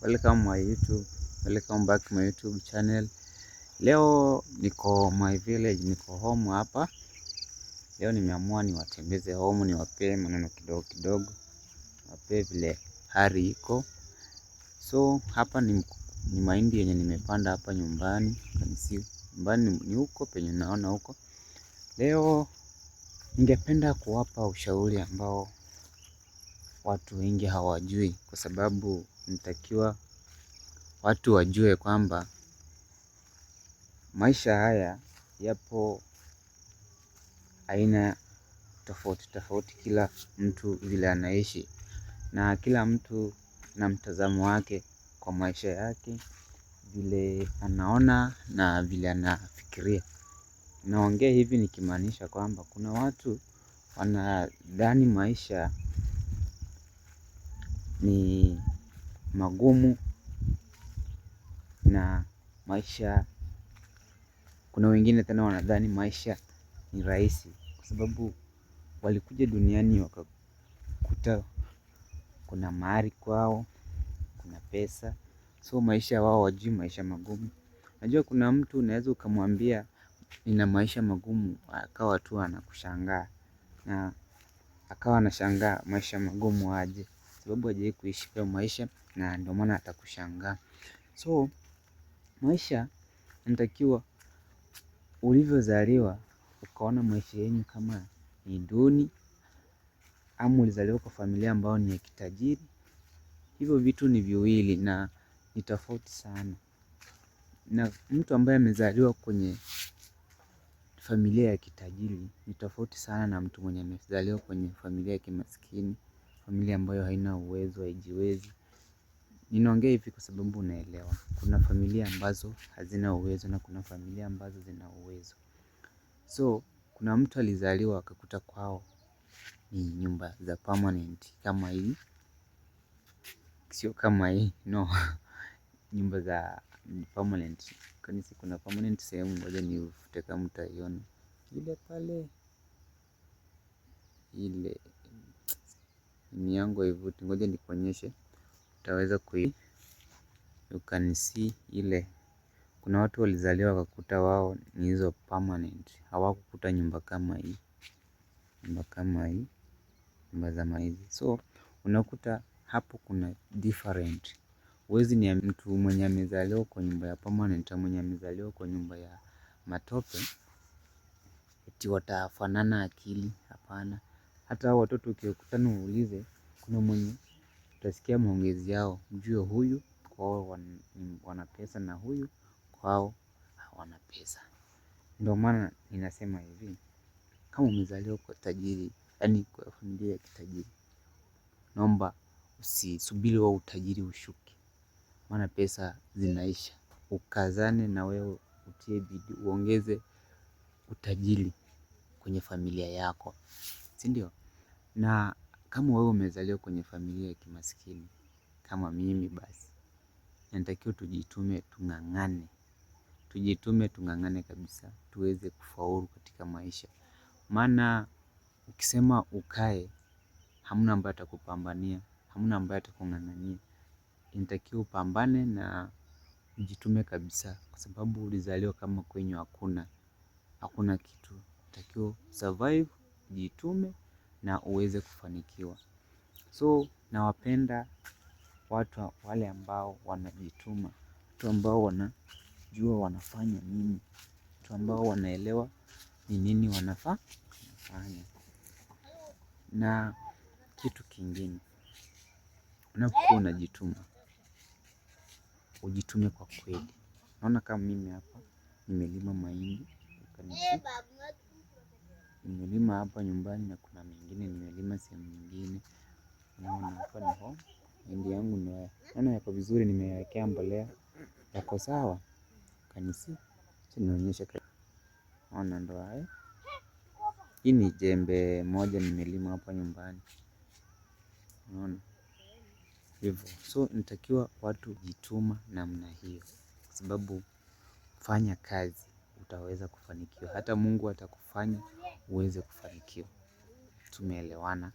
Welcome my YouTube. Welcome back my YouTube channel. Leo niko my village, niko home hapa. Leo nimeamua niwatembeze home, niwapee maneno kidogo kidogo, wapee vile hali iko. So hapa ni, ni mahindi yenye nimepanda hapa nyumbani, kanisi nyumbani ni huko penye naona huko. Leo ningependa kuwapa ushauri ambao watu wengi hawajui kwa sababu nitakiwa watu wajue kwamba maisha haya yapo aina tofauti tofauti, kila mtu vile anaishi na kila mtu na mtazamo wake kwa maisha yake, vile anaona na vile anafikiria. Naongea hivi nikimaanisha kwamba kuna watu wanadhani maisha ni magumu na maisha, kuna wengine tena wanadhani maisha ni rahisi kwa sababu walikuja duniani wakakuta kuna mahari kwao, kuna pesa, so maisha wao hawajui maisha magumu. Najua kuna mtu unaweza ukamwambia nina maisha magumu, akawa tu anakushangaa na akawa anashangaa maisha magumu aje sababu hajawahi kuishi kwa maisha, na ndio maana atakushangaa. So maisha natakiwa ulivyozaliwa ukaona maisha yenyu kama ni duni, ama ulizaliwa kwa familia ambayo ni ya kitajiri, hivyo vitu ni viwili na ni tofauti sana. Na mtu ambaye amezaliwa kwenye familia ya kitajiri ni tofauti sana na mtu mwenye amezaliwa kwenye familia ya kimaskini familia ambayo haina uwezo, haijiwezi. Ninaongea hivi kwa sababu unaelewa Kuna familia ambazo hazina uwezo na kuna familia ambazo zina uwezo. So, kuna mtu alizaliwa akakuta kwao ni nyumba za permanent kama hii. Sio kama hii, no. Nyumba za permanent. Kwani si kuna permanent sehemu moja ufute kama mtaiona. Ile pale ile miango haivuti, ngoja nikuonyeshe, utaweza kui you can see ile. Kuna watu walizaliwa wakakuta wao ni hizo permanent, hawakukuta nyumba kama hii, nyumba kama hii, nyumba za maizi. So unakuta hapo kuna different. Huwezi ni mtu mwenye amezaliwa kwa nyumba ya permanent, mwenye amezaliwa kwa nyumba ya matope eti watafanana akili? Hapana. Hata watoto ukikutana uulize, kuna mwenye utasikia maongezi yao, mjue huyu kwao wana pesa na huyu kwao hawana pesa. Ndio maana ninasema hivi, kama umezaliwa kwa tajiri, yani kwa familia ya kitajiri, naomba usisubiri huo utajiri ushuke, maana pesa zinaisha. Ukazane na wewe utie bidii uongeze utajiri kwenye familia yako si ndio? Na kama wewe umezaliwa kwenye familia ya kimaskini kama mimi basi, natakiwa tujitume tung'ang'ane, tujitume tung'ang'ane kabisa tuweze kufaulu katika maisha, maana ukisema ukae, hamna ambaye atakupambania, hamna ambaye atakung'ang'ania. Inatakiwa upambane na ujitume kabisa, kwa sababu ulizaliwa kama kwenyu hakuna, hakuna kitu. natakiwa survive jitume na uweze kufanikiwa. So nawapenda watu wale ambao wanajituma, watu ambao wanajua wanafanya nini, watu ambao wanaelewa ni nini wanafaa kufanya. Na kitu kingine, unapokuwa unajituma, ujitume kwa kweli. Naona kama mimi hapa nimelima mahindi nimelima hapa nyumbani na kuna mengine nimelima sehemu nyingine. Naona hapa home. mahindi yangu na naona yako vizuri, nimewekea mbolea yako sawa. Kanisi tunaonyesha naona ndo hayo. Hii ni jembe moja nimelima hapa nyumbani, Naona. hivyo. So natakiwa watu jituma namna hiyo, kwa sababu fanya kazi utaweza kufanikiwa, hata Mungu atakufanya uweze kufanikiwa. Tumeelewana?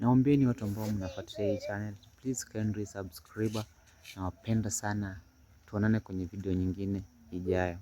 Naombeni watu ambao mnafuatilia hii channel, please kindly subscribe. Nawapenda sana, tuonane kwenye video nyingine ijayo.